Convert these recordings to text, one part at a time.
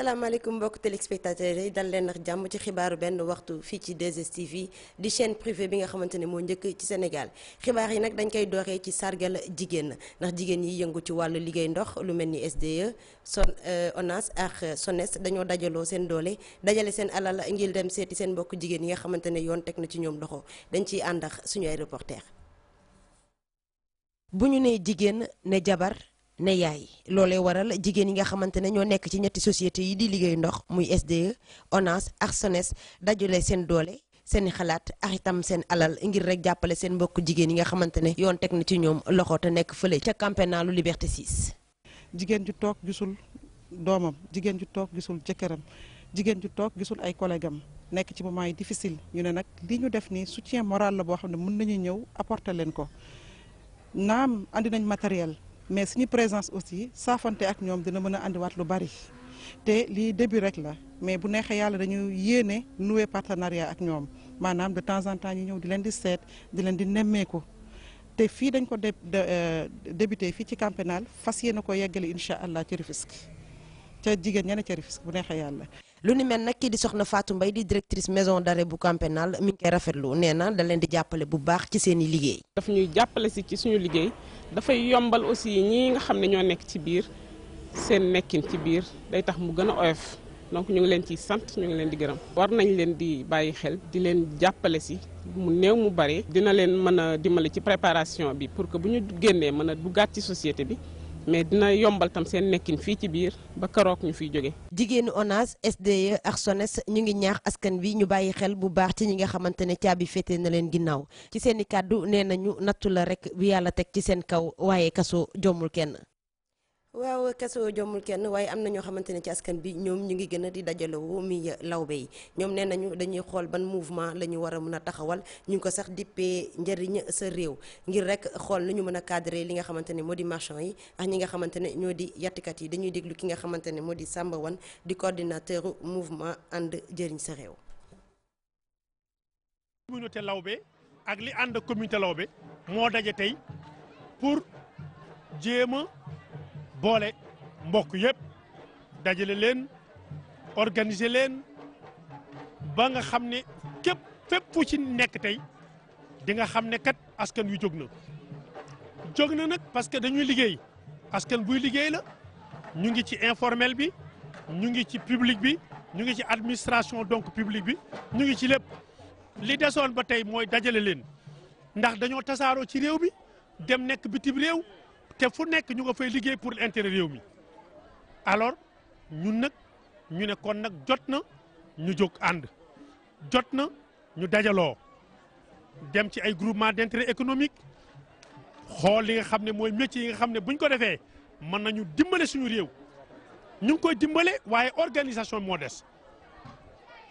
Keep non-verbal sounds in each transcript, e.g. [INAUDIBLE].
asalaamaaleykum mbokk téléspectateurs yi dal leen ak jàmm ci xibaaru benn waxtu fii ci 2STV di chaîne privée bi nga xamante ne moo njëkk ci Sénégal xibaar yi nag dañ koy dooree ci sargal jigéen ndax jigéen yi yëngu ci wàllu liggéey ndox lu mel ni SDE son euh, ONAS ak SONES dañoo dajaloo seen doole dajale seen alal ngir dem seeti seen mbokk jigéen yi nga xamante ne yoon teg na ci ñoom loxo dañ ciy àndax suñu ay reporter bu ñu nee jigéen ne jabar ne yaay loolee waral jigéen yi nga xamante ne ñoo nekk ci ñetti société yi di liggéey ndox muy SDE ONAS ak SONES dajale seen doole seen i xalaat ak itam seen alal ngir rek jàppale seen mbokk jigéen yi nga xamante ne yoon teg na ci ñoom loxo te nekk fële ca camp pénal lu Liberté 6. jigéen ju toog gisul doomam jigéen ju toog gisul jëkkëram jigéen ju toog gisul ay collègue nekk ci moment yi difficile ñu ne nag li ñu def nii soutien moral la boo xam ne mën nañu ñëw apporter leen ko naam andi nañ matériel. mais suñu présence aussi saafante ak ñoom dina mën a andiwaat lu bari te lii début rek la mais bu neexee yàlla dañu yéene nouer partenariat ak ñoom maanaam de temps en temps ñu ñëw di leen di seet di leen di nemmeeku te fii dañ ko dé euh, débuté fii ci camp fas yéene ko yeggale incha allah ci Rufisque ca jigéen ña ne ca bu neexee yàlla. lu ni mel nag kii di soxna Fatou mbay di directrice maison d'arrêt bu camp mu ngi koy rafetlu nee na da di jàppale bu baax ci seeni liggéey. daf jàppale si ci suñu liggéey dafay yombal aussi ñi nga xam ne ñoo nekk ci biir seen nekkin ci biir day tax mu gën a oyof donc ñu ngi leen ciy sant ñu ngi leen di gërëm. war nañ leen di bàyyi xel di leen jàppale si mu néew mu bare. dina leen mën a dimbali ci préparation bi pour que bu ñu génnee mën a duggaat ci société bi. mais dina yombal tam seen nekkin fii ci biir ba karoog ñu fiy jóge jigéeni ONAS sd e, ak SONES ñu ngi ñaax askan wi ñu bàyyi xel bu baax ci ñi nga xamante ne caabi féete na leen ginnaaw ci seen i kàddu nee nañu nattu la rek bi yàlla teg ci seen kaw waaye kaso jommul kenn waaw kaso joomul kenn waaye am na ñoo xamante ne ci askan bi ñoom ñu ngi gën a di dajalewu mi lawbe yi ñoom nee nañu dañuy xool ban mouvement la ñu war a mën a taxawal ñu ko sax dippee njëriñ sa réew ngir rek xool nu ñu mën a cadré li nga xamante ne moo di yi ak ñi nga xamante ne ñoo di yattikat yi dañuy déglu ki nga xamante ne moo di Samba Wan di coordinateur mouvement ànd jëriñ sa réew communauté lawbe ak li ànd communauté lawbe moo daje tey boole mbokk yëpp dajale leen organiser leen ba nga xam ne képp fépp fu ci nekk tey di nga xam ne kat askan wi jóg na. jóg na nag parce que dañuy liggéey askan buy liggéey la ñu ngi ci informel bi ñu ngi ci public bi ñu ngi ci administration donc public bi ñu ngi ci lépp li desoon ba tey mooy dajale leen ndax dañoo tasaaroo ci réew bi dem nekk bitim réew. te fu nekk ñu nga fay liggéey pour l'intérêt réew mi alors ñun nag ñu ne kon nag jot na ñu jóg ànd jot na ñu dajaloo dem ci ay groupement d'intérêt économique xool li nga xam ne mooy métier yi nga xam ne buñ ko defee mën nañu dimbale suñu réew ñu ngi koy dimbale waaye organisation moo des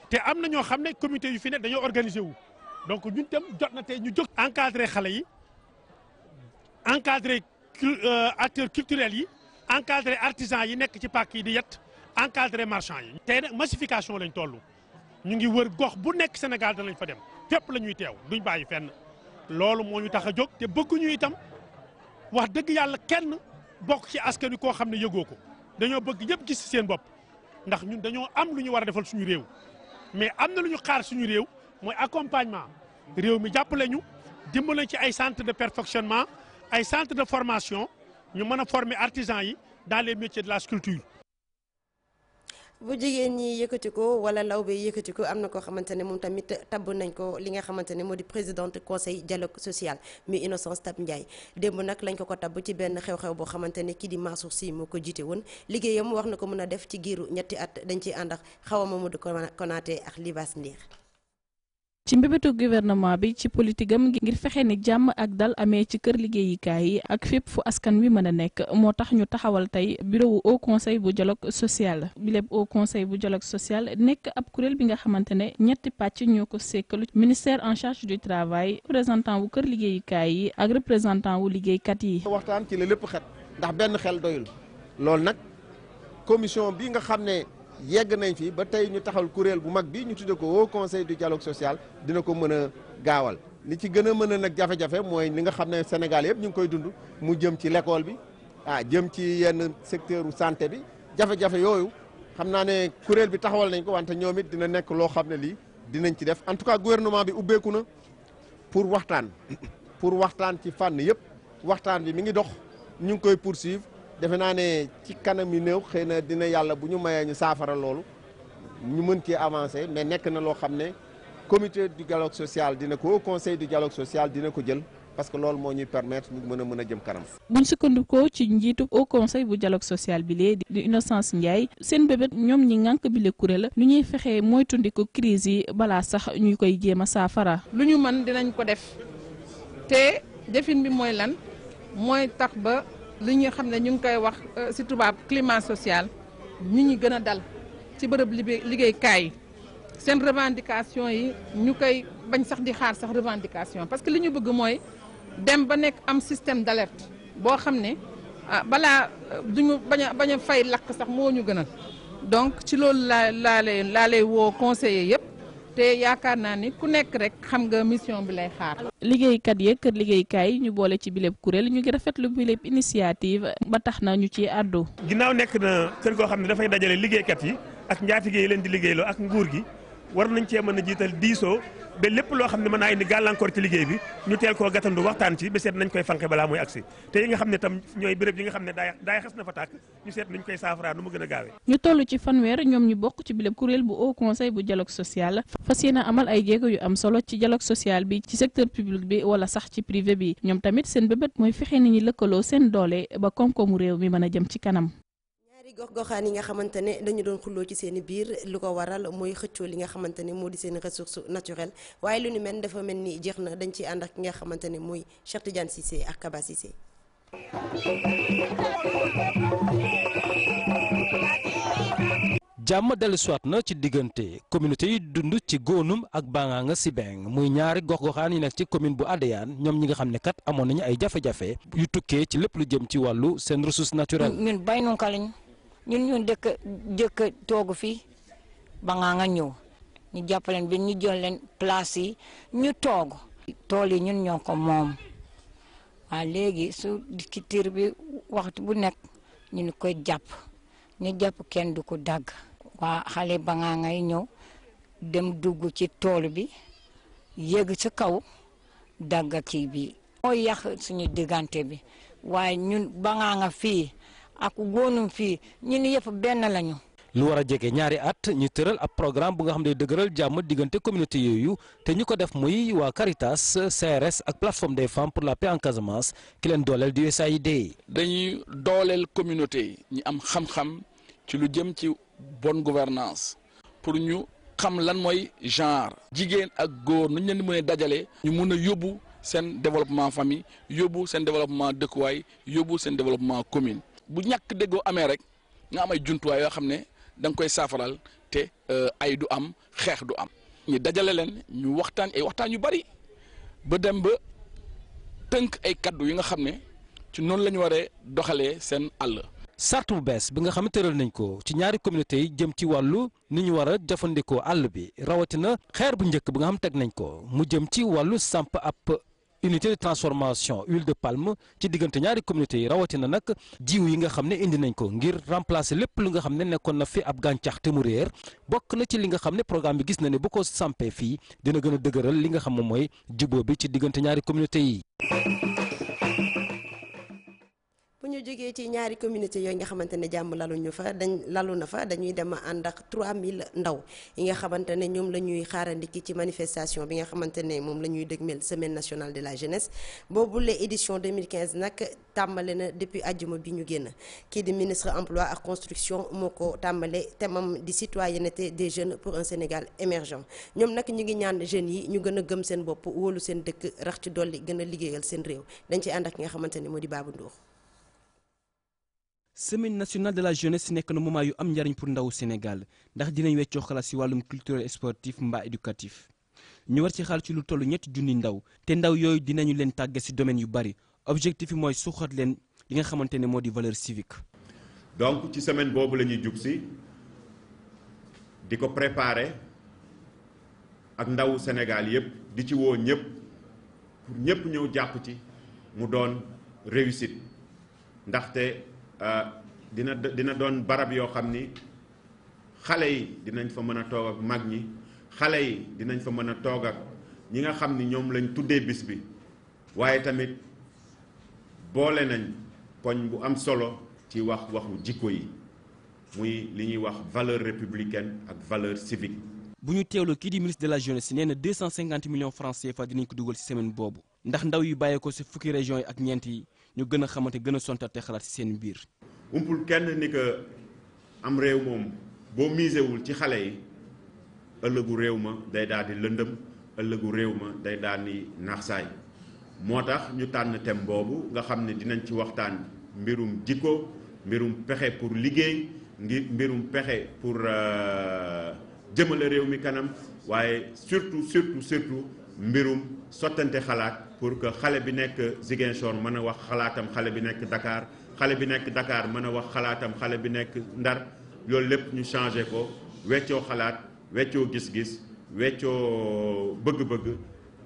te am na ñoo xam ne comité yu fi ne dañoo organiser wu donc ñu tam jot na tey ñu jóg encadré xale yi encadré Euh, acteurs culturels yi encadré artisans yi nekk ci pàkk yi di yet encadré marchand yi. tey nag massification lañ toll ñu ngi wër gox bu nekk Sénégal danañ fa dem fépp la ñuy teew duñ bàyyi fenn loolu moo ñu tax a jóg te bëgguñu itam wax dëgg yàlla kenn bokk ci askan wi koo xam ne yëgoo ko dañoo bëgg ñëpp gis seen bopp ndax ñun dañoo am lu ñu war a defal suñu réew mais am na lu ñu xaar suñu réew mooy accompagnement réew mi jàpp jàppale ñu dimbale ci ay centre de perfectionnement. ay centre de formation ñu mën a former artisans yi dans les métiers de la sculpture. bu jigéen ñi yëkkati ko wala law bi yëkkati ko am na koo xamante ne moom tamit tabb nañ ko li nga xamante ne moo di présidente conseil dialogue social mi Innocence Tab Ndiaye démb nag lañ ko ko tab ci benn xew-xew boo xamante ne kii di Mansour Sy moo ko jiite woon liggéeyam wax na ko mën a def ci giiru ñetti at dañ ciy ànd ak xaw a Mamadou Konaté ak Libaas Ndiir ci mbébétu gouvernement bi ci politique am ngir fexe ni jàmm ak dal amee ci kër liggéeyukaay yi ak fépp fu askan wi mën a nekk moo tax ñu taxawal tey bureau wu haut conseil bu dialogue social bileb haut conseil bu dialogue social nekk ab kuréel bi nga xamante ne ñetti pàcc ñoo ko sekkalu ministère en charge du travail représentant wu kër liggéeyukaay yi ak représentant wu liggéeykat yi. waxtaan ci la lépp xet ndax benn xel doyul loolu nag commission bi nga yegg nañ fii ba tey ñu taxal kuréel bu mag bi ñu tudde ko Haut Conseil du dialogue social dina ko mën a gaawal li ci gën a mën a nag jafe-jafe mooy ni nga xam ne Sénégal yëpp ñu ngi koy dund mu jëm ci lekkool bi ah jëm ci yenn secteur u santé bi jafe-jafe yooyu xam naa ne kuréel bi taxawal nañ ko wante ñoom it dina nekk loo xam ne lii dinañ ci def en tout cas gouvernement bi ubbeeku na pour waxtaan [COUGHS] pour waxtaan ci fànn yëpp waxtaan bi mi ngi dox ñu ngi koy poursuivre defe naa ne ci kanam yu néew xëy na dina yàlla bu ñu mayee ñu saafara loolu ñu mën cee avancer mais nekk na loo xam ne comité du dialogue social dina ko au conseil du dialogue social dina ko jël parce que loolu moo ñuy permettre ñu mën a mën a jëm kanam. buñ sukkandikoo ci njiitu au conseil bu dialogue social bi lee di Innocence Ndiaye seen bébét ñoom ñi ngànk bi la kuréel lu ñuy fexee mooy ko crise yi balaa sax ñu koy jéem a saafara. lu ñu mën dinañ ko def mooy lan li ñuy xam ne ñu ngi koy wax si euh, tubaab climat social ñu ñi gën a dal ci bërëb liggéeykaay yi seen revendication yi ñu koy bañ sax di xaar sax revendication parce que li ñu bëgg mooy dem ba nekk am système d'alerte boo xam ne ah, balaa euh, duñu bañ a bañ fay lakk sax moo ñu gënal donc ci loolu laa laa lay laa lay woo conseiller yëpp te yaakaar naa ni ku nekk rek xam nga mission bi lay xaar. liggéeykat yeeg kër liggéeykaay ñu boole ci biléb kuréel ñu ngi rafetlu biléb initiative ba tax na ñu ci àddu. ginnaaw nekk na kër goo xam ne dafay dajale liggéeykat yi ak njaatige yi leen di liggéeyloo ak nguur gi war nañ cee mën a jiital diisoo ba lépp loo xam ne mën naa indi gàllankoor ci liggéey bi ñu teel koo gàttandu waxtaan ci ba seet nañ koy fanqe balaa muy agsi te yi nga xam ne tam ñooy béréb yi nga xam ne daay daay xas na fa tàkk ñu seet nañ koy saafara nu mu gën a gaawee ñu toll ci fanweer ñoom ñu bokk ci bileb kuréel bu haut conseil bu dialogue social fas yéene amal ay jéego yu am solo ci dialogue social bi ci secteur public bi wala sax ci privé bi ñoom tamit seen bébét mooy fexe ni ñi lëkkaloo seen doole ba koom réew mi mën a jëm ci kanam gox-goxaan yi nga xamante ne dañu doon xulloo ci seen biir lu ko waral mooy xëccoo li nga xamante ne moo di seen ressource naturelle waaye lu ni mel dafa mel ni jeex na dañ ciy ànd ki nga xamante ne mooy Cheikh Tidiane Cissé ak Kaba Cissé. jàmm dellusiwaat na ci diggante communauté yi dund ci góonum ak Banganga Sibeng muy ñaari gox-goxaan yi nekk ci commune bu Adéane ñoom ñi nga xam ne kat amoon nañu ay jafe-jafe yu tukkee ci lépp lu jëm ci wàllu seen ressource naturelle. ñun bay nañu ñun ñun dëkk jëkk toogu fi ba ngaa nga ñëw ñu jàppaleen bi ñu jox leen place yi ñu toog tool yi ñun ñoo ko moom waaw léegi su dikitiir bi waxtu bu nekk ñu ni koy jàpp ñu jàpp kenn du ko dagg waa xale ba ngaa ngay ñëw dem dugg ci tool bi yéeg sa kaw dagg kii bi moo yàq suñu diggante bi waaye ñun ba nga fii aku góonum fii ñun yëpp benn lañu. lu war a jege ñaari at ñu tëral ab programme bu nga xam ne dëgëral jàmm diggante communauté yooyu te ñu ko def muy waa Caritas CRS ak plateforme des femmes pour la paix en ki leen dooleel di USAID. dañuy dooleel communauté yi ñu am xam-xam ci lu jëm ci bonne gouvernance pour ñu xam lan mooy genre. jigéen ak góor nu ñu leen di mën a dajale. ñu mun a yóbbu seen développement famille yóbbu seen développement dëkkuwaay yóbbu seen développement commune. bu ñàkk déggoo amee rek nga am ay jumtuwaay yoo xam ne da nga koy saafaral te euh, ay du am xeex du am ñu dajale leen ñu waxtaan ay waxtaan yu bari ba dem ba tënk ay kaddu yi nga xam ne ci noonu la ñu waree doxalee seen àll. sart bu bees bi nga xam ne tëral nañ ko ci ñaari communauté yi jëm ci wàllu ni ñu war a jëfandikoo àll bi rawatina xeer bu njëkk bi nga xam teg nañ ko mu jëm ci wàllu samp ab unité de transformation huile de palme ci diggante ñaari communauté yi rawatina nag jiw yi nga xam ne indi nañ ko ngir remplacer lépp lu nga xam ne nekkoon na fi ab gàncax te mu réer bokk na ci li nga xam ne programme bi gis na ne bu ko sampee fii dina gën a dëgëral li nga xam moom mooy jubóo bi ci diggante ñaari communauté yi. bu ñu jógee ci ñaari communauté yooyu nga xamante ne jàmm lalu ñu fa dañ lalu na fa dañuy dem ànd ak 3000 ndaw yi nga xamante ne ñoom la ñuy xaarandiki ci manifestation bi xamante ne moom la ñuy dëgmel semaine nationale de la jeunesse boobule édition 2015 nag tàmbale na depuis ajjuma bi ñu génn kii di ministre emploi ak construction moo ko tàmbale thèmam di citoyenneté des jeunes pour un Sénégal émergent ñoom nag ñu ngi ñaan jeunes yi ñu gën a gëm seen bopp wóolu seen dëkk rax ci dolli gën a liggéeyal seen réew dañ ci ànd ak nga xamante ne moo di Babou Ndour semaine nationale de la jeunesse nekk na moment yu am njariñ pour ndawu Sénégal ndax dinañ weccoo xalaat si wàllum culturel sportif mbaa éducatif ñu war ci xaal ci lu toll ñetti junni ndaw te ndaw yooyu dinañu leen tàgge si domaine yu bari objectif bi mooy suuxat leen li nga xamante ne moo di valeur civique. donc ci semaine boobu la ñuy jug di ko prépare ak ndawu Sénégal yépp di ci woo ñépp pour ñépp ñëw jàpp ci mu doon réussite ndaxte. Euh, dina dina doon barab yoo xam ni xale yi dinañ fa mën a toog ak mag ñi xale yi dinañ fa mën a toog ak ñi nga xam ni ñoom lañ tuddee bis bi waaye tamit boole nañ poñ bu am solo ci wax waxu jikko yi muy li ñuy wax valeur républicaine ak valeur civique. bu ñu teewloo kii di ministre de la jeunesse nee na 250 millions dinañ ko dugal ci semaine boobu ndax ndaw yu ko si fukki régions yi ak ñeent yi. ñu gën a xamante gën a sontal te xalaat si seen biir. umpul kenn ni que am réew moom boo misewul ci xale yi ëllëgu réew ma day daal di lëndëm ëllëgu réew ma day daal di naaxsaay moo tax ñu tànn thème boobu nga xam ne dinañ ci waxtaan mbirum jikko mbirum pexe pour liggéey ngir mbirum pexe pour euh, jëmale réew mi kanam waaye surtout surtout surtout. mbirum sottante xalaat pour que xale bi nekk Ziguinchor mën a wax xalaatam xale bi nekk dakaar xale bi nekk Dakar mën a wax xalaatam xale bi nekk Ndar loolu lépp ñu changé ko weccoo xalaat weccoo gis-gis weccoo bëgg-bëgg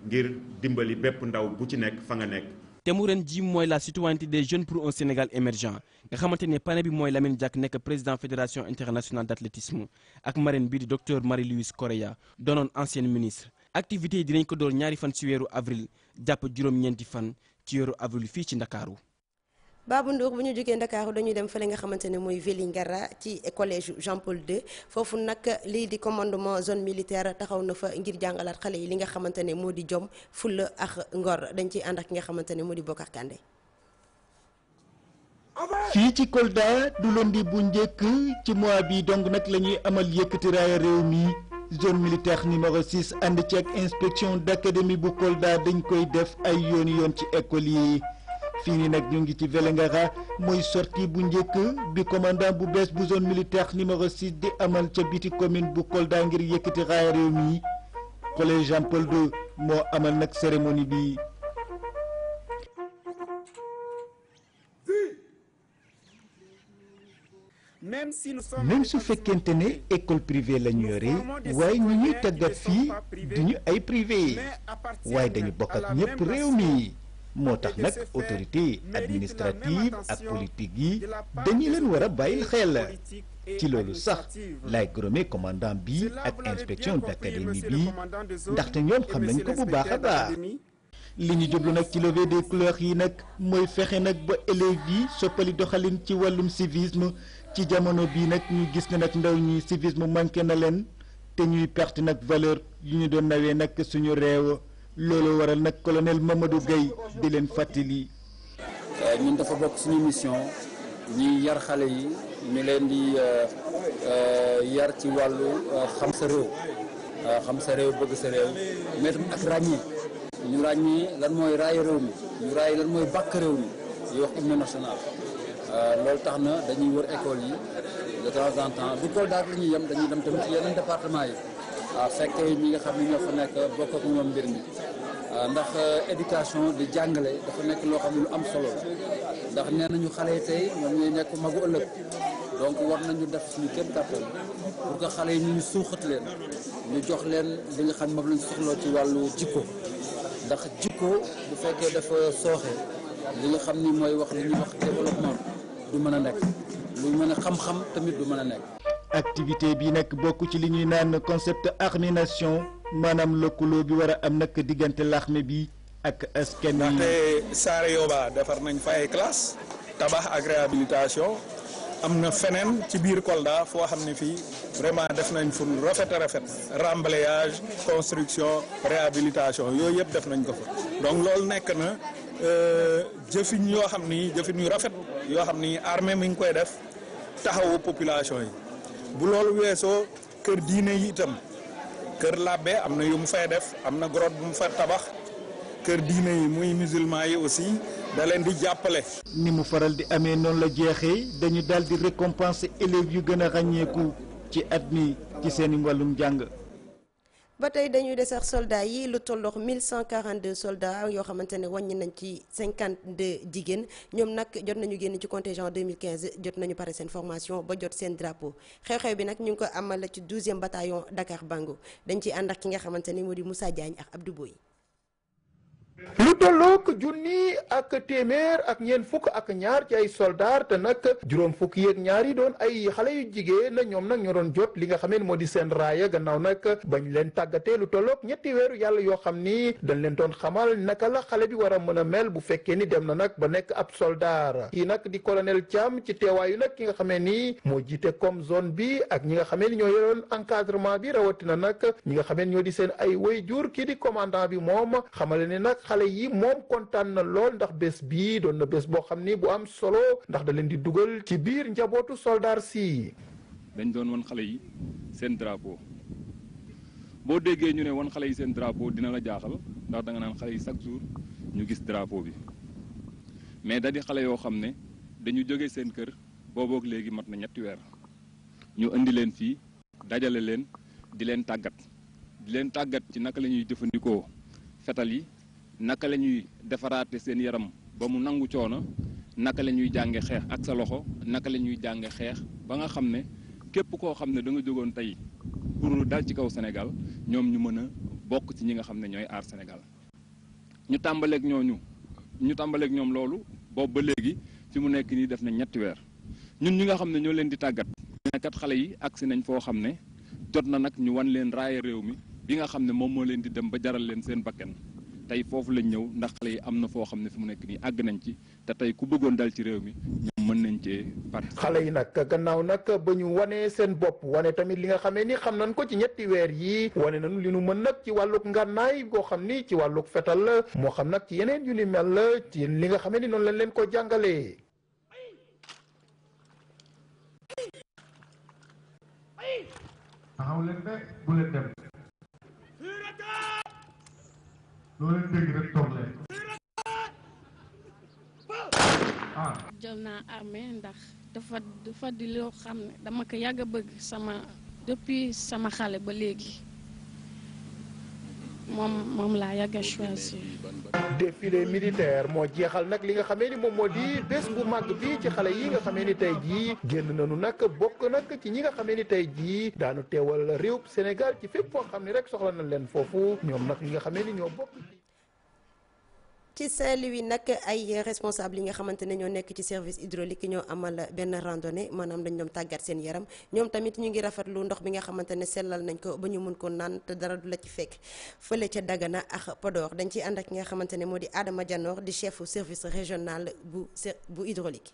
ngir dimbali bépp ndaw bu ci nekk fa nga nekk. te mu ren ji mooy la citoyenneté des jeunes pour un Sénégal émergent nga xamante ne panel bi mooy Lamine Diack nekk président fédération internationale d' athlétisme ak marraine bi di docteur marie activités dinañ ko door ñaari fan ci weeru avril jàpp juróom-ñeenti fan ci weeru avril fii ci ndakaaru Babou Ndour bu ñu jógee Ndakaaru dañuy dem fële nga xamante ne mooy Vélingara ci collège Jean Paul II foofu nag lii di commandement zone militaire taxaw na fa ngir jàngalaat xale yi li nga xamante ne moo di jom fulla ak ngor dañ ciy ànd ak ki nga xamante ne moo di Bokar Kande fii ci Kolda du lundi bu njëkk ci mois bi donc nag la ñuy amal yëkkati zone militaire numéro 6 ànd ceeg inspection d'académie bu Kolda dañ koy def ay yoon yoon ci école yi fii nii nag ñu ngi ci Vélingara mooy sorti bu njëkk bi commandant bu bees bu zone militaire numéro 6 di amal ca biti commune bu Kolda ngir yëkkati raaya réew mi collège Jean Paul II moo amal nag cérémonie bi. même su fekkente ne école privée la ñu yore waaye ñu ñuy tàggat fii du ñu ay privé yi waaye dañu bokk ak ñëpp réew mi moo tax nag autorité administrative ak politique yi dañu leen war a bàyyil xel ci loolu sax laay gërëmee commandant bi ak inspection d'académie bi ndaxte ñoom xam nañ ko bu baax a baax. li ñu jublu nag ci levée des couleurs yi nag mooy fexe nag ba élèves yi soppali doxalin ci wàllum civisme. ci jamono bii nag ñu gis ne nag ndaw ñi civisme manqué na leen te ñuy perte nag valeur yu ñu doon nawee nag suñu réew loolu waral nag colonel du gay di leen fàttali. Euh, ñun dafa bokk suñu mission ñuy yar xale yi ñu leen di euh, euh, yar ci wàllu xam sa réew xam sa réew bëgg sa réew mais ak ràññee ñu ràññee lan mooy raay réew mi ñu raay lan mooy bàkk réew mi di wax hymne Euh, loolu tax na dañuy wër école yi de temps en du Kolda ak la ñuy yem dañuy dem tamit yeneen département yi waaw ah, fekk ñi nga xam ne ñoo fa nekk bokk ak mbir mi ah, ndax euh, éducation di jàngale dafa nekk loo xam ne lu am solo ndax nee nañu xale yi tey ñoom ñooy nekk magu ëllëg donc war nañu def suñu kéem kàttan pour que xale yi ñu ñu suuxat leen ñu jox leen li nga xam moom lañ soxloo ci wàllu jikko ndax jikko bu fekkee dafa sooxe li nga xam ni mooy wax li ñuy wax développement du mën a nekk lu mën a xam-xam tamit du mën a nekk. activité bi nag bokk ci li ñuy naan concept armination maanaam lëkkaloo bi war am nag diggante l'armée bi ak askan wi. ndaxte Saare Yoba defar nañ fa ay classe tabax ak réhabilitation am na feneen ci biir Kolda foo xam ne fii vraiment def nañ fu rafet rafet remblayage construction réhabilitation yooyu yëpp def nañ ko fa donc loolu nekk na euh, jëfin yoo xam ni jëfin yu rafet. yoo xam ni armée mi ngi koy def taxawu population yi bu loolu weesoo kër diine yi itam kër làbbe am na yu mu fay def am na grotte bu mu fa tabax kër diine yi muy musulman yi aussi da leen di jàppale. ni mu faral di amee noonu la jeexee dañu daal di récompenser élèves yu gën a ràññeeku ci at mi ci seeni i wàllum jàng. ba tey dañuy desex soldats yi lu tollox 1142 soldats yoo xamante ne wàññi nañ ci cinquante 52 jigéen ñoom nag jot nañu génn ci contingent 2015 jot nañu pare seen formation ba jot seen drapeau xew-xew bi nag ñu ngi ko amal ci 12e bataillon Dakar Bango dañ ciy ànd ki nga xamante ne moo di Moussa Diagne ak Abdou Boye lu tolloog junni ak téeméer ak ñeen fukk ak ñaar ci ay soldaar te nag juróom fukk yeeg ñaar yi doon ay xale yu jigéen na ñoom nag ñoo doon jot li nga xam ne moo di seen gannaaw nag bañ leen tàggatee lu tolloog ñetti weeru yàlla yoo xam ni dañ leen doon xamal naka la xale bi war a mën a mel bu fekkee ni dem na nag ba nekk ab soldaar kii nag di colonel Thiam ci teewaayu nag ki nga xamee ni moo jiite comme zone bi ak ñi nga xamee ni ñoo yoroon encadrement bi rawatina nag ñi nga xamee ni ñoo di seen ay way jur kii di commandant bi moom xamale ne nag xale yi moom kontaan na lool ndax bés bii doon na bés boo xam ni bu am solo ndax da leen di dugal ci biir njabootu soldaar si. dañ doon wan xale yi seen drapeau boo déggee ñu ne wan xale yi seen drapeau dina la jaaxal ndax danga naan xale yi chaque jour ñu gis drapeau bi mais da xale yoo xam ne dañu jóge seen kër boobook léegi mat na ñetti weer ñu indi leen fii dajale leen di leen tàggat di leen tàggat ci naka lañuy jëfandikoo fetal yi naka la ñuy defaraate seen yaram ba mu nangu coono naka la ñuy jànge xeex ak sa loxo naka la ñuy jànge xeex ba nga xam ne képp koo xam ne danga jógoon tey pour dal ci kaw Sénégal ñoom ñu mën a bokk ci ñi nga xam ne ñooy aar Sénégal ñu tàmbaleek ñooñu ñu tàmbaleeg ñoom loolu boobu ba léegi fi mu nekk nii def na ñetti weer ñun ñi nga xam ne ñoo leen di tàggat kat xale yi agsi nañ foo xam ne jot na nag ñu wan leen raaya réew mi bi nga xam ne moom moo leen di dem ba jaral leen seen bakken tey foofu lañ ñëw ndax xale yi am na foo xam ne fi mu nekk nii àgg nañ ci te tey ku bëggoon dal ci réew mi ñoom mën nañ cee part xale yi nag gannaaw nag ba ñu wane seen bopp wane tamit li nga xamee ni xam nañ ko ci ñetti weer yi wane nañ li nu mën nag ci wàlluk ngànnaay goo xam ni ci wàlluk fetal la moo xam nag ci yeneen yu ni mel la ci li nga xamee ni noonu lañ leen ko jàngalee. loo ah. jël naa armée ndax dafa dafa di xam ne dama ko yàgg a bëgg sama dëppi sama xale ba léegi. moom moom laa yàgg a choisir. défilé militaire moo jeexal nag li nga xamee ni moom moo di bés bu mag bi ci xale yi nga xamee ni tey jii génn nañu nag bokk nag ci ñi nga xamee ni tey jii daanu teewal réew Sénégal ci fépp foo xam ne rek soxla nañ leen foofu ñoom nag ñi nga xamee ni ñoo bokk. ci saint wi nag ay responsable yi nga xamante ne ñoo nekk ci service hydraulique ñoo amal benn randonnée maanaam dañ doom tàggat seen yaram ñoom tamit ñu ngi rafetlu ndox bi nga xamante ne sellal nañ ko ba ñu mën ko naan te dara du la ci fekk fële ca Dagana ak Podor dañ ciy ànd ak nga xamante ne moo di Adama janoor di chefu service régional bu bu hydraulique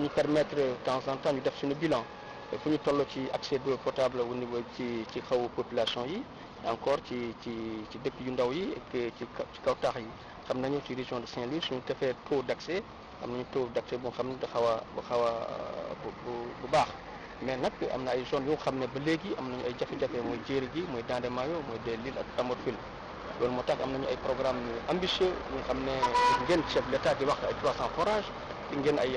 ñu permettre de temps en temps ñu def suñu bilan fu ñu toll ci accès d'eau potable au niveau ci ci xaw population yi encore ci ci ci dëkk yu ndaw yi ak ci ci kaw taax yi xam nañu ci région de Saint-Louis suñu defee taux d'accès am nañu taux d'accès boo xam ne da xaw a bu xaw a bu baax mais nag am na ay zones yoo xam ne ba léegi am nañu ay jafe-jafe mooy jéeri gi mooy Dande Maayo mooy des Lille ak Amorphile loolu moo tax am nañu ay programme ambitieux yoo xam ne ngeen chef de l'État di wax ay 300 forages ngeen ay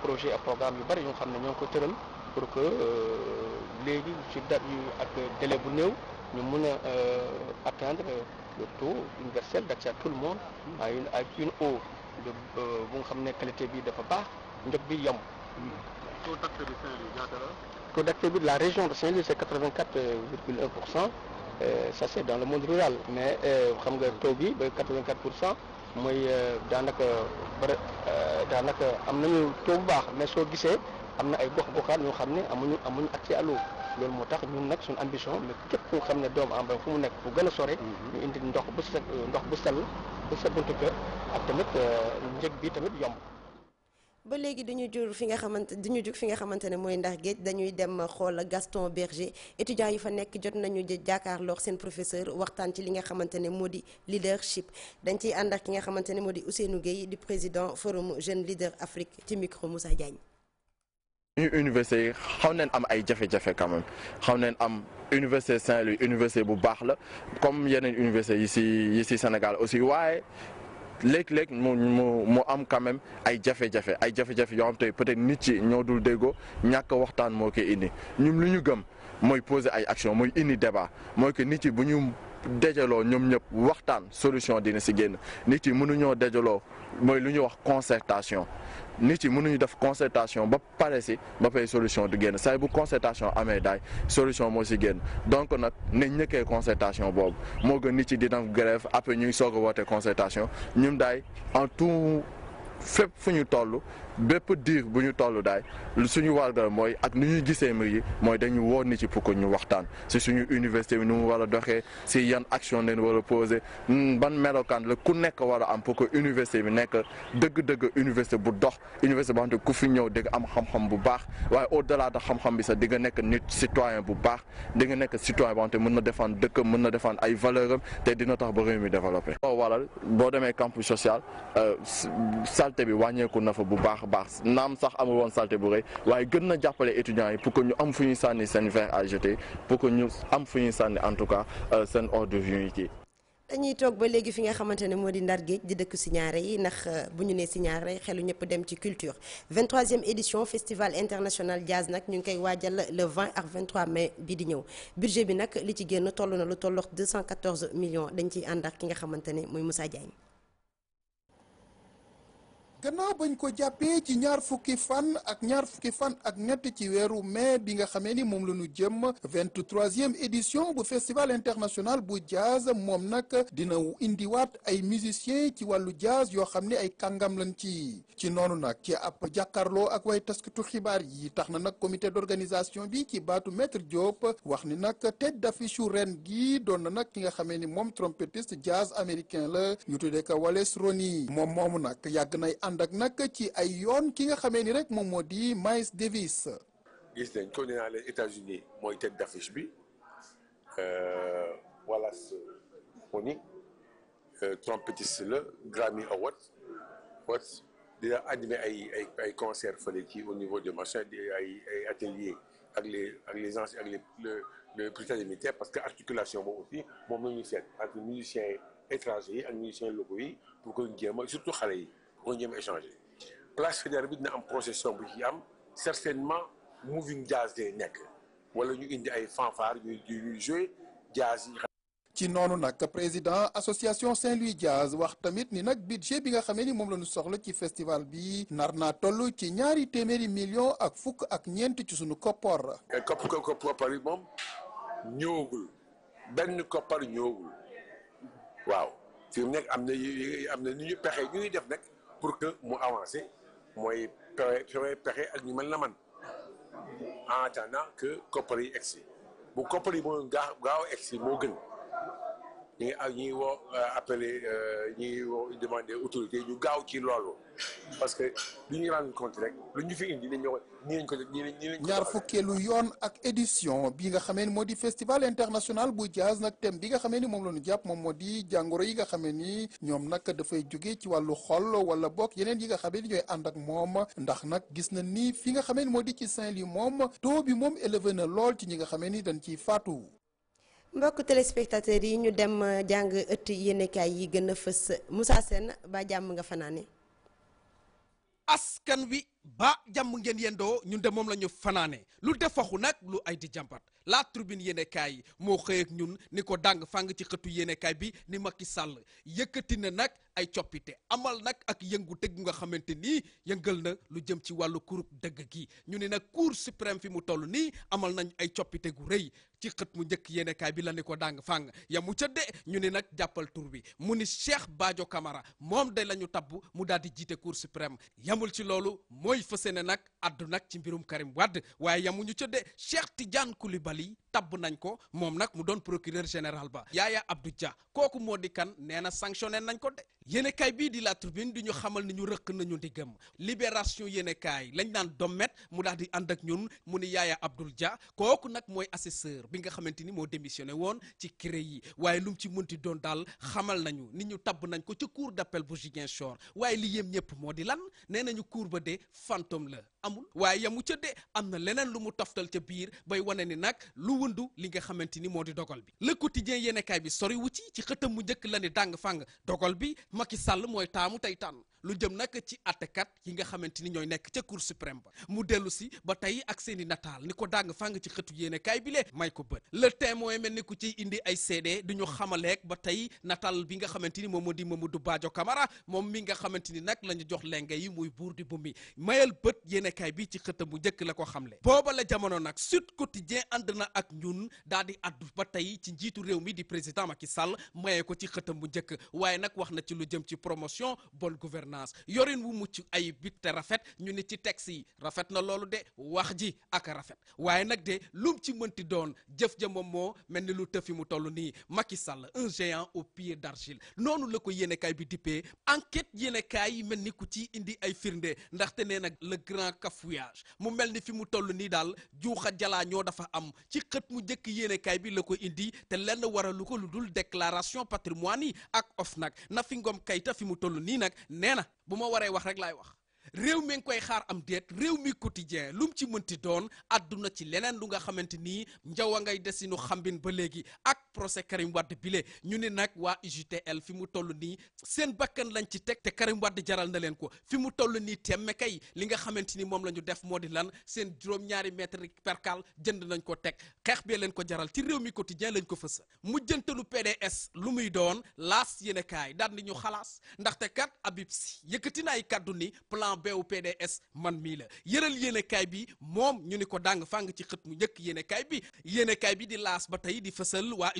projet ak programme yu bari yoo xam ne ñoo ngi ko tëral pour que euh, léegi ci date yu ak délai bu néew ñu mun a euh, atteindre euh, le taux universel d'accès à tout le monde à une à une eau de euh, bu nga xam ne qualité bi dafa baax njëg bi yomb. taux d'accès bi saint bi de la région de Saint-Louis c'est 84 virgule 1 pour cent ça c'est dans le monde rural mais xam nga taux bi ba pour cent mooy daanaka bëri daanaka am nañu taux bu baax mais soo gisee am na ay gox goxaan yoo xam ne amuñu amuñu accès à l'eau loolu moo tax ñun nag suñu ambition mais képp koo xam ne doomu Ambey fu mu nekk fu gën a sore mhm. ñu indi ndox bu sa ndox bu sell bu sa buntu kër ak tamit euh, njëg bi tamit yomb ba léegi duñu jur fi nga xamante duñu jug fi nga xamante ne mooy ndax géej dañuy dem xool Gaston Berger étudiants yi fa nekk jot nañu jàkkaarloog seen professeur waxtaan ci li nga xamante ne moo di leadership dañ ciy ànd ak ki nga xamante ne moo di Ousseynou Gueye di président forum jeune leader Afrique ci micro Moussa Diagne ñu université yi xaw nañ am ay jafe-jafe quand même xaw am université Saint-Louis université bu baax la comme yeneen université yi si yi si Sénégal aussi waaye léeg-léeg mo mu mu am quand ay jafe-jafe ay jafe-jafe yoo xam peut-être nit ci ñoo dul déggoo ñàkk waxtaan moo koy indi ñum lu ñu gëm mooy poser ay action mooy indi débat mooy que nit ci bu ñu dajaloo ñoom ñëpp waxtaan solution dina si génn nit yi mënuñoo dajaloo mooy lu ñuy wax concertation nit yi mënuñu def concertation ba pare si ba fay solution du génn say bu concertation amee daay solution moo si génn donc nag nañ ñëkkee concertation boobu moo gën nit yi di def grève après ñuy soog a woote concertation ñun daay en tout fépp fu ñu toll bépp diir bu ñu tollu daay lu suñu wargal mooy ak nu ñuy gisee mbir yi mooy dañu woo nit ci pour que ñu waxtaan si suñu université bi nu mu war a doxee si yan action leen war a poser hmm, ban melokaan la ku nekk war a am pour que université bi nekk dëgg-dëgg université bu dox université boo xam te ku fi ñëw di am xam-xam bu baax waaye au delà de xam-xam bi sax di nga nekk nit citoyen bu baax di nga nekk citoyen boo xam mën na defaan dëkkam mën na défendre ay valeur am te dina tax ba réew mi développé. boo waral boo demee campus social euh, salté bi wàññeeku na fa bu baax baax naam sax amul woon salte bu rëy waaye gën na jàppale étudiants yi pour que ñu am fu ñuy sànni seen verre à pour que ñu am fu ñuy sànni en tout cas euh, seen hors de vue dañuy toog ba léegi fi nga xamante ne moo di ndar géej di dëkk ñaare yi ndax euh, bu ñu nee siñaare xelu ñëpp dem ci culture 23e édition festival international jazz nag ñu ngi koy waajal le 20 ak 23 mai bi di ñëw budget bi nag li ci génn toll na lu tollox 214 millions dañ ciy ànd ak ki nga xamante ne muy Moussa Diagne gannaaw bañ ko jàppee ci ñaar fukki fan ak ñaar fukki fan ak ñett ci weeru mais bi nga xamee ni moom la ñu jëm vingt troisième édition bu festival international bu jazz moom nag dina indiwaat ay musiciens ci wàllu jazz yoo xam ne ay kàngam lañ ci ci noonu nag ci ab jàkkaarloo ak way taskatu xibaar yi tax na nag comité d'organisation bi ci baatu maître Diop wax ni nag tête d'affiche ren gi doon na nag ki nga xamee ni moom trompettiste jazz américain la ñu tuddee ko Wallace Ronny moom moomu nag yàgg nay ànd ak nag ci ay yoon ki nga xamee ni rek moom moo di Miles Davis. gis nañ ko nee naa leen États-Unis mooy tête d'affiche bi euh, Wallace Moni euh, trompettiste la Grammy Award Awards dina animé ay ay ay concert fële ci au niveau de machin di ay ay atelier ak les ak les ak les le le pritali militaire parce que articulation moo aussi moom la ñuy seet entre musiciens étrangers yi ak musiciens locaux yi pour que ñu jéem a surtout xale yi boo ñëwee échanger place fédérale bi dina am procession bu ci am certainement moving jazz day nekk wala ñu indi ay fanfare yu ñuy jazz ci noonu nag président association Saint-Louis Jazz wax tamit ni nag budget bi nga xamee ni moom la ñu soxla ci festival bi nar naa toll ci ñaari téeméeri millions ak fukk ak ñeent ci sunu koppar. kopp kopp koppar yi moom ñëwagul benn koppar ñëwagul waaw fi nekk am na am na ni ñu pexe ñuy def nag. pour que mu avancé mooy pexe fexe pexe ak ñu mel na man en attendant que koppar yi egsi bu koppar yi moo gaaw gaaw egsi moo gën ñu ngi ñuy woo euh, appelé euh, ñuy woo demandé autorité ñu gaaw ci loolu parce que lu ñu rendre compte rek lu ñu fi indi dañoo ñii lañ ko ñii ñaar fukkeelu yoon ak édition bi nga xamee ni moo di festival international bu jazz nag thème bi nga xamee ni moom la jàpp moom moo di jàngoro yi nga xamee ni ñoom nag dafay jóge ci wàllu xol wala bokk yeneen yi nga xamee ni ñooy ànd ak moom ndax nag gis na ni fi nga xamee ni moo di ci Saint-Louis moom too bi moom élevé na lool ci ñi nga xamee ni dañ ciy faatu. mbokk téléspectateurs yi ñu dem euh, jàng ëtt yéenekaay yi gën a fës Moussa Sène ba jàmm nga fanaane askan wi ba jàmm ngeen yendoo ñun de moom la ñu fanaane lu defaxu nag lu ay di jàmbat la tribune yéenekaay yi moo xëyeek ak ñun ni ko dàng fang ci xëtu yéenekaay bi ni Macky Sall yëkkati na nag ay coppite amal nag ak yëngu tëgg nga xamante ni yëngal na lu jëm ci wàllu kurub dëgg gi ñu ne nag cour suprême fi mu toll nii amal nañ ay coppite gu rëy ci xët mu njëkk yéenekaay bi la ne ko dang fàng yamu ca de ñu ne nag jàppal tur bi mu ni Cheikh Badio kamara moom de la ñu tabb mu daal di jiite cour suprême yamul ci loolu mooy fëse ne nag addu nag ci mbirum Karim Wade waaye yamuñu ca de Cheikh Tidiane Koulibaly tabb nañ ko moom nag mu doon procureur général ba Yaya Abdou Dia kooku moo di kan nee na sanctionné nañ ko de yéenekaay bii di la tribune du ñu xamal ni ñu rëq nañu ndiggam libération yéenekaay lañ daan domet mu daal di ànd ak ñun mu ni Yaaya Abdoul Dia kooku nag mooy assesseur bi nga xamante ni moo démissionné woon ci CREI yi waaye lu mu ci mënti doon daal xamal nañu ni ñu tabb nañ ko ca cour d'appel bu Ziguinchor waaye li yéem ñëpp moo di lan nee nañu cour ba de fantôme la amul waaye yamu ca de am na leneen lu mu toftal ca biir bay wane ni nag lu wëndu li nga xamante ni moo di dogal bi Le Quotidien yéenekaay bi sori wu ci ci xëtam mu njëkk la ni dàng fàng dogal bi Macky Sall mooy taamu tey tànn lu jëm nag ci àttekat yi nga xamante ni ñooy nekk ca cour suprême ba mu dellu si ba tey ak seen i nataal ni ko dàng fàng ci xëtu yéene kaay bi lee may ko bët le témoin mel ni ku ciy indi ay seede du ñu xamaleeg ba tey nataal bi nga xamante ni moom moo di Mamadou baajo kamara moom mi nga xamante ni nag la ñu jox lenge yi muy buur di bu mi mayal bët yéene kaay bi ci xëtam bu njëkk la ko xamle booba la jamono nag Sud Quotidien ànd na ak ñun daal di addu ba tey ci njiitu réew mi di président ma ki Sall mayee ko ci xëtam bu njëkk waaye nag wax na ci lu jëm ci promotion bonne gouvernance gouvernance yorin wu mucc ay bit rafet ñu ne ci texte yi rafet na loolu de wax ji ak rafet waaye nag de lum ci mënti doon jëf ja moo mel ni lu fi mu toll nii Macky Sall un géant au pied d'argile noonu la ko yéenekaay bi dippee enquête yéenekaay yi mel ni ku ci indi ay firnde ndaxte nee nag le grand cafouillage mu mel ni fi mu toll nii daal juuxa jalaa ñoo dafa am ci xët mu njëkk yéenekaay bi la ko indi te lenn waralu ko lu dul déclaration patrimoine yi ak OFNAC Nafi Ngom Keïta fi mu toll nii nag na bu ma waree wax rek laay wax réew mi ngi koy xaar am déet réew mi quotidien lu lum ci mënti doon àdduna ci leneen lu nga xamante nii njaw a ngay desinu xambin ba léegi ak procès Karim Wade bile ñu ne nag waa UJTL fi mu toll nii seen bakkan lañ ci teg te Karim Wade jaral na leen ko fi mu toll nii temme kay li nga xamante ni moom la ñu def moo di lan seen juróom-ñaari mètre percal jënd nañ ko teg xeex bee leen ko jaral ci réew mi quotidien lañ ko fës mujjantalu PDS lu muy doon laas yéen a kaay daan nañu xalaas ndaxte kat Habib si yëkkati na ay kaddu ni plan B wu PDS man mii la yëral yéen bi moom ñu ni ko dàng fàng ci xët njëkk yéen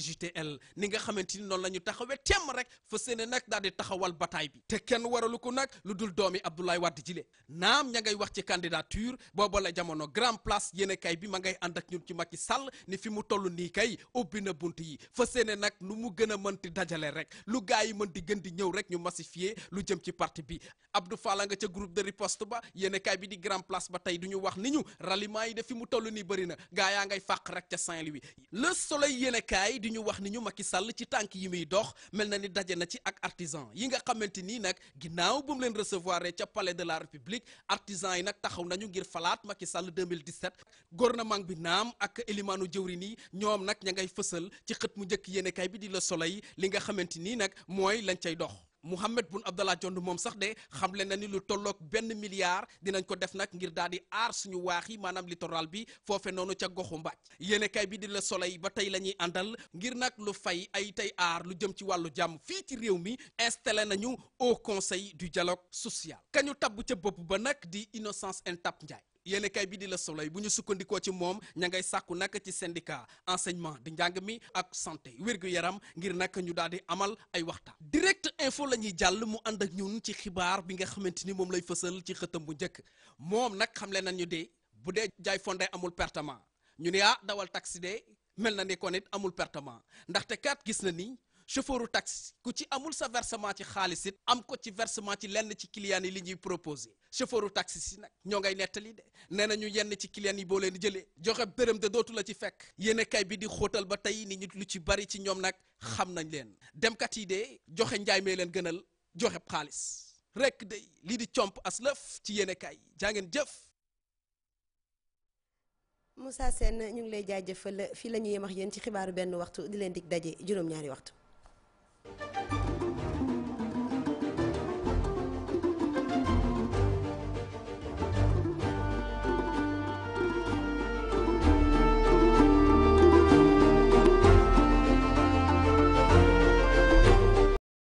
UJTL ni nga xamante ni noonu la ñu taxawee temm rek fa seene nag daal di taxawal bataay bi te kenn waralu ko nag lu dul doomi Abdoulaye Wade jile naam ña ngay wax ci candidature booba la jamono grand place yéen kay bi ma ngay ànd ak ñun ci Macky Sall ni fi mu toll nii kay ubbi na bunt yi fa seene nag nu mu gën a mënti dajale rek lu gaa yi mën di gën di ñëw rek ñu massifier lu jëm ci parti bi Abdou Fall nga ca groupe de riposte ba yéen bi di grand place ba tey du ñu wax ni ñu ralliement yi de fi mu toll nii bëri na gaa yaa ngay fàq rek ca saint ñu wax ni ñu Macky Sall ci tànk yi muy dox mel na ni daje na ci ak artisan yi nga xamante nii nag ginnaaw bu mu leen recevoir ca palais de la république artisan yi nag taxaw nañu ngir falaat Macky Sall 2017 gouvernement bi naam ak élimaanu jëwrin yi ñoom nag ña ngay fësal ci xët mu njëkk yéenekaay bi di la Soleil li nga xamante nii nag mooy lañ cay dox Mouhamed Boun Abdallah Dionne moom sax de xamle na ni lu tolloog benn milliard dinañ ko def nag ngir daal di aar suñu waax yi maanaam littoral bi foofe noonu ca goxu Mbaaj yéene bi di la soleil ba tey lañuy ñuy àndal ngir nag lu fay ay tey aar lu jëm ci wàllu jàmm fii ci réew mi installé nañu au conseil du dialogue social kañu tabb ca bopp ba nag di Innocence Ntap Ndiaye yéene kay bi di la Soleil bu ñu sukkandikoo ci moom ña ngay sàkku nag ci syndicat enseignement di njàng mi ak santé wér-gu-yaram ngir nag ñu daal di amal ay waxtaan direct info la ñuy jàll mu ànd ak ñun ci xibaar bi nga xamante ni moom lay fësal ci xëtam bu njëkk moom nag xamle nañu de bu dee jaay fonde amul pertement ñu ne ah dawal taxi de mel na ne kon it amul pertement ndaxte kaat gis na ni chauffeuru taxi ku ci amul sa versement ci xaalis am ko ci versement ci lenn ci client yi li ñuy proposé chauffeuru taxi si nag ñoo ngay nettali de nee na ñu yenn ci client yi boo leen jëlee joxe bërëm de dootu la ci fekk yenekaay bi di xootal ba tey ni nit lu ci bari ci ñoom nag xam nañ leen demkat yi de joxe njaay mee leen gënal joxe xaalis rekk de lii di comp as lëf ci yéen kay jaa ngeen jëf. Moussa Sène ñu ngi lay jaajëfal fii la ñu yem ak yéen ci xibaaru benn waxtu di leen dig daje juróom-ñaari waxtu. Thank you.